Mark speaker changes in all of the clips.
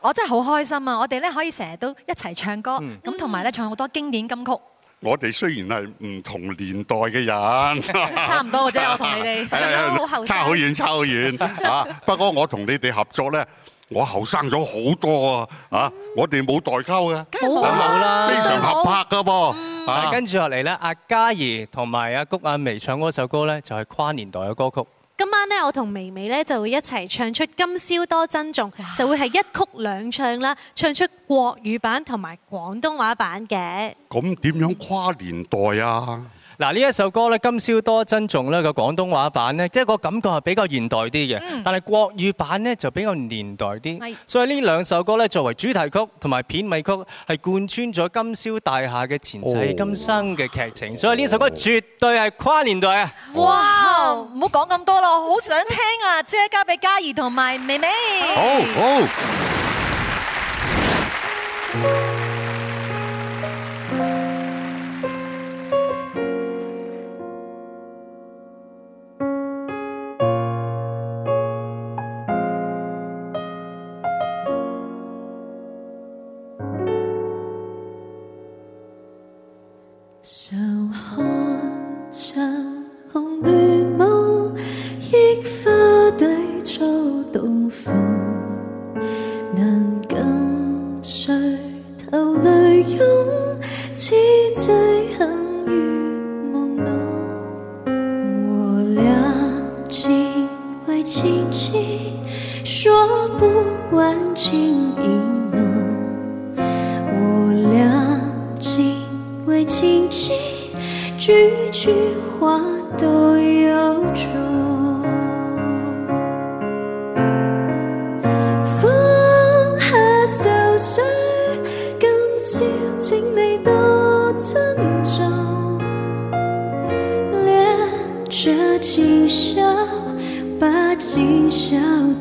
Speaker 1: 我真係好開心啊！我哋咧可以成日都一齊唱歌，咁同埋咧唱好多經典金曲。
Speaker 2: 我哋雖然係唔同年代嘅人， 差唔
Speaker 1: 多嘅啫，我同你哋差好遠，差好
Speaker 2: 遠啊！ 不過我同你哋合作咧，我後生咗好多啊！嚇，嗯、我哋冇代溝嘅，冇啦，非常合拍噶噃。跟住落嚟咧，阿嘉
Speaker 3: 儀同埋阿谷阿溦唱嗰首歌咧，就係跨年代嘅歌曲。
Speaker 4: 我同微微咧就會一齊唱出《今宵多珍重》，就會係一曲兩唱啦，唱出國語版同埋廣東話版嘅。
Speaker 2: 咁點樣跨年代啊？
Speaker 3: 嗱，呢一首歌咧，《今宵多珍重》咧個廣東話版呢，即係個感覺係比較現代啲嘅，嗯、但係國語版呢，就比較年代啲。是的 所以呢兩首歌咧，作為主題曲同埋片尾曲，係貫穿咗《今宵大廈》嘅前世今生嘅劇情。哦、所以呢首歌絕對係跨年代啊！哦、哇，
Speaker 1: 唔好講咁多啦，好想聽啊！即係交俾嘉儀同埋溦溦。好，
Speaker 2: 好。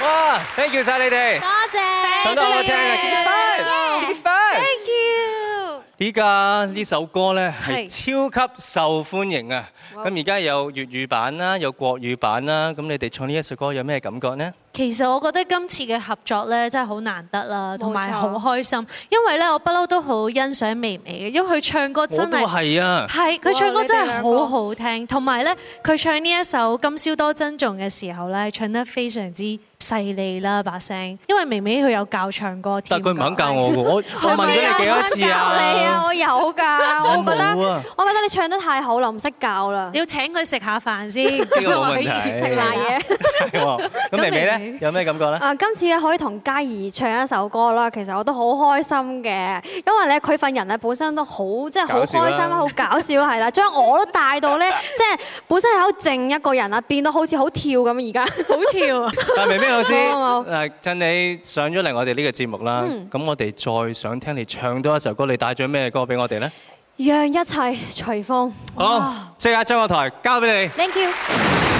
Speaker 3: 哇！Thank you 晒你哋，
Speaker 5: 多謝唱得好好聽啊！Thank you！
Speaker 3: 依家呢首歌咧係超級受歡迎啊！咁而家有粵語版啦，有國語版啦。咁你哋唱呢一首歌有咩感覺呢？
Speaker 4: 其實我覺得今次嘅合作咧真係好難得啦，同埋好開心，因為咧我不嬲都好欣賞微微嘅，因為佢唱歌真係我都係啊，係佢唱歌真係好好聽，同埋咧佢唱呢一首《今宵多珍重》嘅時候咧，唱得非常之～犀利啦把聲，因為溦溦佢有教唱歌。但佢唔肯
Speaker 3: 教我㗎，我問咗你幾多次啊？我教你啊！我有
Speaker 4: 㗎，我覺得我覺得你唱得太好啦，唔識教啦，你要請佢食下飯先。呢個冇問
Speaker 3: 題，情懷嘢。咁溦溦咧，有咩感覺咧？
Speaker 4: 啊，今次可以同嘉儀唱一首歌啦，其實我都好開心嘅，因為咧佢份人咧本身都好，即係好開心，好搞笑係啦，將我都帶到咧，即係本身係好靜一個人啦，變到好似好跳咁而家，好跳。但老師，
Speaker 3: 嗱，趁你上咗嚟我哋呢個節目啦，咁我哋再想聽你唱多一首歌，你帶咗咩歌俾我哋呢？
Speaker 4: 讓一切隨風。好，
Speaker 3: 即刻將個台交俾你。
Speaker 4: Thank you。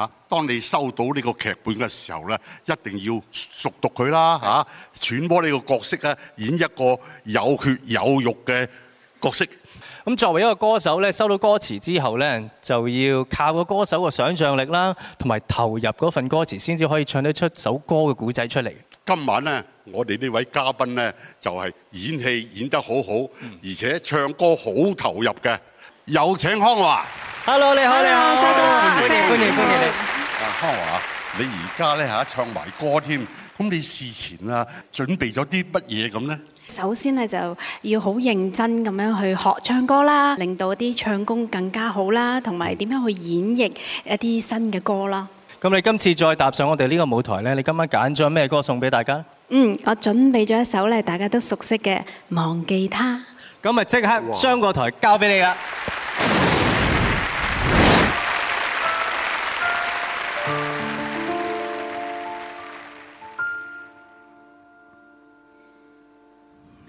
Speaker 2: 啊！當你收到呢個劇本嘅時候咧，一定要熟讀佢啦！嚇，揣摩呢個角色咧，演一個有血有肉嘅
Speaker 3: 角色。咁作為一個歌手咧，收到歌詞之後咧，就要靠個歌手嘅想像力啦，同埋投入嗰份歌詞，先至可以唱得出一首歌嘅古仔出嚟。
Speaker 2: 今晚咧，我哋呢位嘉賓咧，就係演戲演得好好，嗯、而且唱歌好投入嘅，有請康華。Hello，你好，你好，收到，歡迎，歡迎，歡迎你。阿康華，你而家咧嚇唱埋歌添，咁你事前啊準備咗啲乜嘢咁咧？
Speaker 4: 首先咧就要好認真咁樣去學唱歌啦，令到啲唱功更加好啦，同埋點樣去演繹一啲新嘅歌啦。
Speaker 3: 咁你今次再踏上我哋呢個舞台咧，你今晚揀咗咩歌送俾大家？嗯，
Speaker 4: 我準備咗一首咧大家都熟悉嘅《忘記他》。
Speaker 3: 咁咪即刻將個台交俾你啦！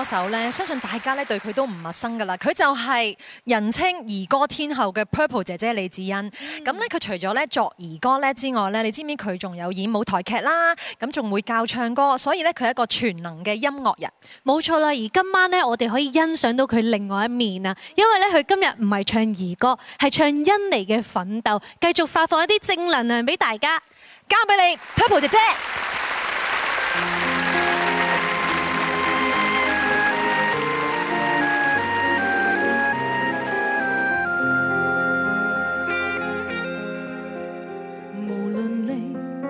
Speaker 1: 歌手咧，相信大家咧對佢都唔陌生噶啦。佢就係人稱兒歌天后嘅 Purple 姐姐李紫昕。咁咧佢除咗咧作兒歌咧之外咧，你知唔知佢仲有演舞台劇啦？咁仲會教唱歌，所以咧佢係一個全能嘅音
Speaker 4: 樂人。冇錯啦，而今晚呢，我哋可以欣賞到佢另外一面啊！因為咧佢今日唔係唱兒歌，係唱《印尼嘅奮鬥》，繼續發放一啲正能量俾大家。交俾你 Purple 姐姐。嗯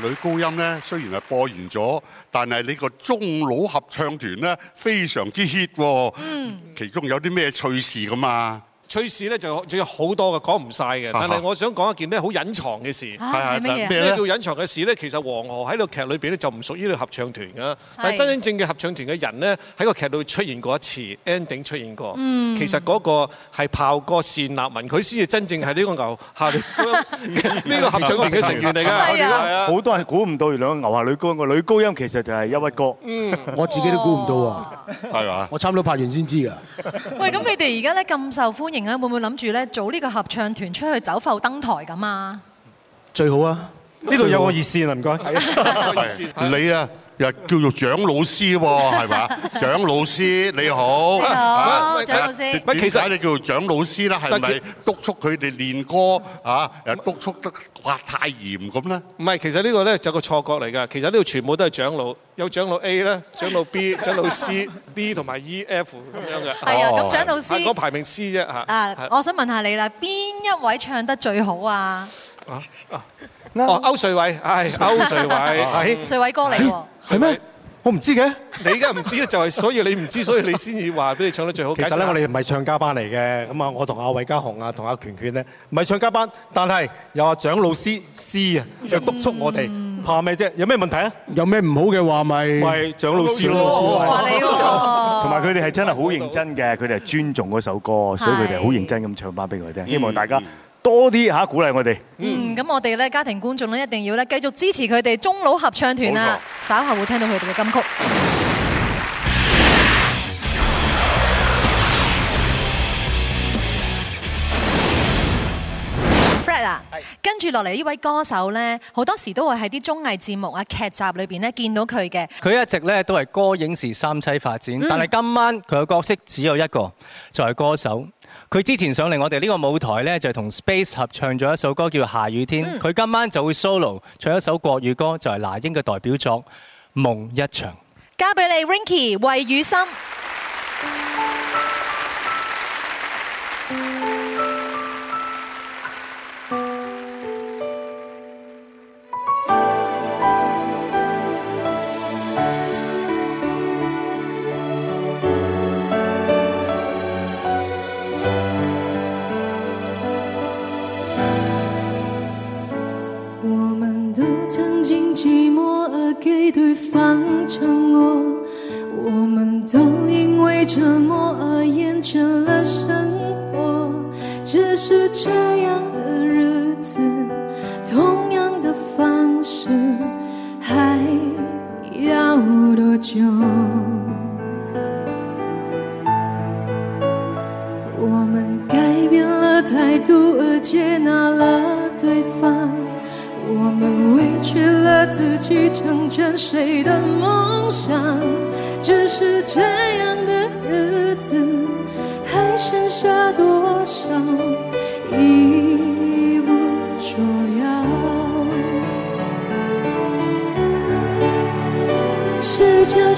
Speaker 2: 女高音呢，雖然係播完咗，但係你個中老合唱團呢，非常之 hit 啊，嗯，其中有啲咩趣事嘛？趣事咧，就仲有好多嘅，講唔晒嘅。但係我想講一件咧，好隱藏嘅事。係係咩咧？呢個隱藏嘅事咧，其實黃河喺個劇裏邊咧，就唔屬於呢個合唱團嘅。是的但係真真正嘅合唱團嘅人咧，喺個劇度出現過一次，ending 出現過，嗯。其實個係炮哥單立文，佢先至真正係呢個牛下呢 個合唱團嘅成員嚟㗎。係啊。
Speaker 6: 好多人估唔到，原來牛下女高音個女高音其實就係憂鬱哥。嗯。的的我自己都估唔到啊，係嘛、哦？吧我差唔多拍完先知㗎。
Speaker 1: 喂，咁你哋而家咧咁受歡迎？會唔會諗住咧組呢個合唱團出去走埠登台咁啊？
Speaker 2: 最好啊！呢度有個熱線啊，唔該。你啊又叫做蔣老師喎，係嘛？蔣老師你好。你好，蔣老師。乜其實你叫做蔣老師啦？係咪督促佢哋練歌啊？又督促得哇太嚴咁咧？唔係，其實呢個咧就個錯覺嚟㗎。其實呢度全部都係長老，有長老 A 啦，長老 B、長老 C、D 同埋 E、F 咁樣嘅。係啊，咁蔣老師。我排名 C 啫嚇。啊，我想
Speaker 1: 問下你啦，邊一位唱得最好啊？啊
Speaker 2: 啊！哦，歐瑞偉，係歐瑞偉，係瑞偉哥嚟喎。係咩？我唔知嘅。你依家唔知咧，就係所以你唔知，所以你先至話俾你唱得最好。其實咧，我哋
Speaker 6: 唔係唱家班嚟嘅。咁啊，我同阿韋家雄啊，同阿權權咧，唔係唱家班，但係有阿蔣老師 C 啊，就督促我哋。怕咩啫？有咩問題啊？
Speaker 2: 有咩唔好嘅話咪咪蔣老師咯。同
Speaker 6: 埋佢哋係真係好認真嘅，佢哋係尊重嗰首歌，所以佢哋好認真咁唱返俾我哋聽。希望大家。多啲嚇鼓勵我哋，
Speaker 1: 嗯。嗯，咁我哋咧家庭觀眾咧一定要咧繼續支持佢哋中佬合唱團啦。稍後會聽到佢哋嘅金曲。Freda，啊、是跟住落嚟呢位歌手咧，好多時都會喺啲綜藝節目啊劇集裏邊咧見到佢嘅。
Speaker 3: 佢一直咧都係歌影視三棲發展，嗯、但係今晚佢嘅角色只有一個，就係、是、歌手。佢之前上嚟我哋呢個舞台呢，就係、是、同 Space 合唱咗一首歌叫《下雨天》。佢、嗯、今晚就會 solo 唱一首國語歌，就係、是、那英嘅代表作《夢一場》。
Speaker 1: 交俾你，Rinky 蔚雨芯。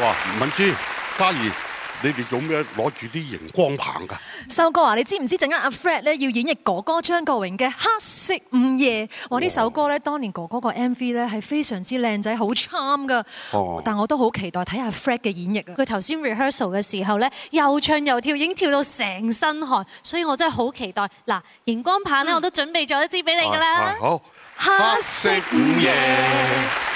Speaker 2: 話文姿嘉儀，你哋做咩攞住啲熒光棒㗎？
Speaker 1: 秀哥話：你知唔知？陣間阿 Fred 咧要演繹哥哥張國榮嘅《黑色午夜》。哇，我呢首歌咧，當年哥哥個 MV 咧係非常之靚仔，好 charm 㗎。哦，但我都好期待睇下 Fred
Speaker 4: 嘅演繹啊！佢頭先 rehearsal 嘅時候咧，又唱又跳，已經跳到成身汗，所以我真係好期待。嗱，熒光棒咧，我都準備咗一支俾你㗎啦，啊。好，
Speaker 5: 黑
Speaker 2: 色午夜。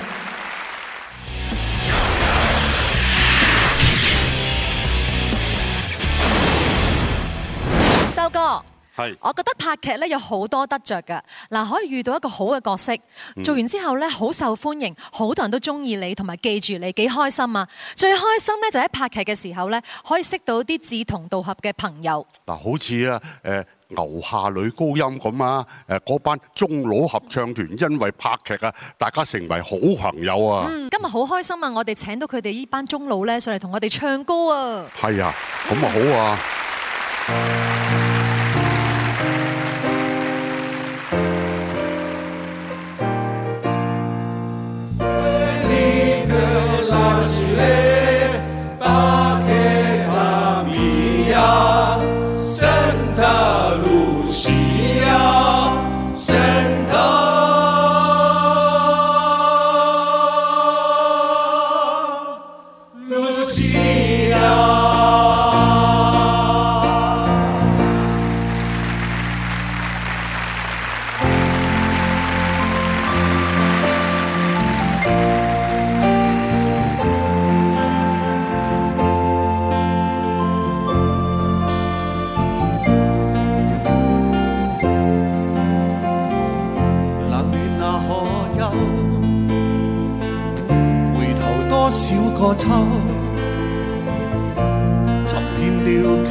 Speaker 1: 劇咧有好多得着噶，嗱，可以遇到一個好嘅角色，做完之後咧好受歡迎，好多人都中意你同埋記住你，幾開心啊！最開心咧就喺拍劇嘅時候咧，可以識到啲志同道合嘅朋友。
Speaker 2: 嗱，好似啊誒牛下女高音咁啊，誒嗰班中佬合唱團因為拍劇啊，大家成為好朋友啊！嗯，
Speaker 1: 今日好開心啊！我哋請到佢哋呢班中佬咧上嚟同我哋唱歌是啊！
Speaker 2: 係啊，咁啊好啊！Uh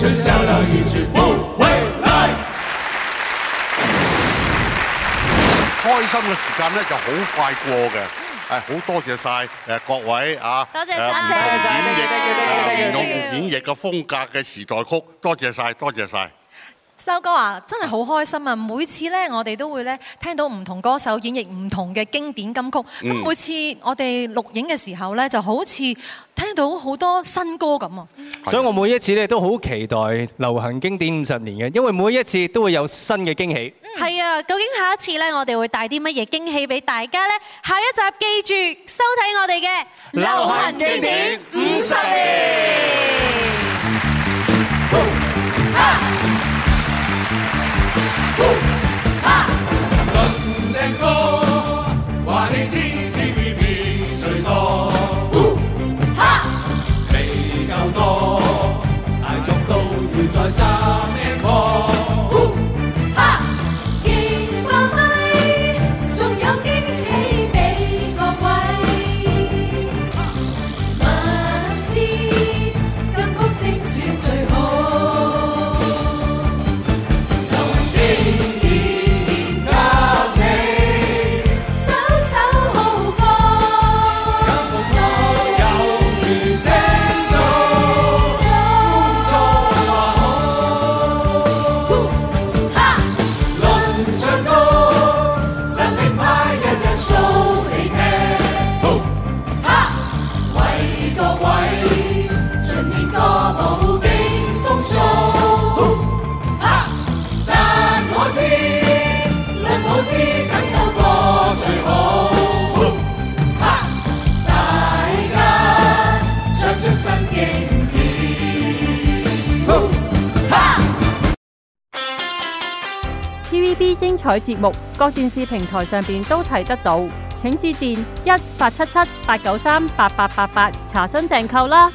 Speaker 2: 剩下了一直不回來。開心嘅時間咧就好快過嘅，誒，好多謝晒誒各位啊，多謝
Speaker 1: 晒演繹嘅
Speaker 7: 叫咩？演
Speaker 2: 繹嘅風格嘅時代曲，多謝晒，多謝晒。
Speaker 1: 修哥啊，真係好開心啊！每次呢，我哋都會呢聽到唔同歌手演繹唔同嘅經典金曲。咁每次我哋錄影嘅時候呢，就好似
Speaker 4: 聽到好多新歌咁啊！
Speaker 3: 所以我每一次呢，都好期待《流行經典五十年》嘅，因為每一次都會有新嘅驚喜。
Speaker 4: 係啊，究竟下一次呢，我哋會帶啲乜嘢驚喜俾大家呢？下一集記住收睇我哋嘅《流行經典
Speaker 7: 五十
Speaker 5: 年》。
Speaker 1: 台節目各電視平台上邊都睇得到，請致電一八七七八九三八八八八查
Speaker 7: 詢訂購啦。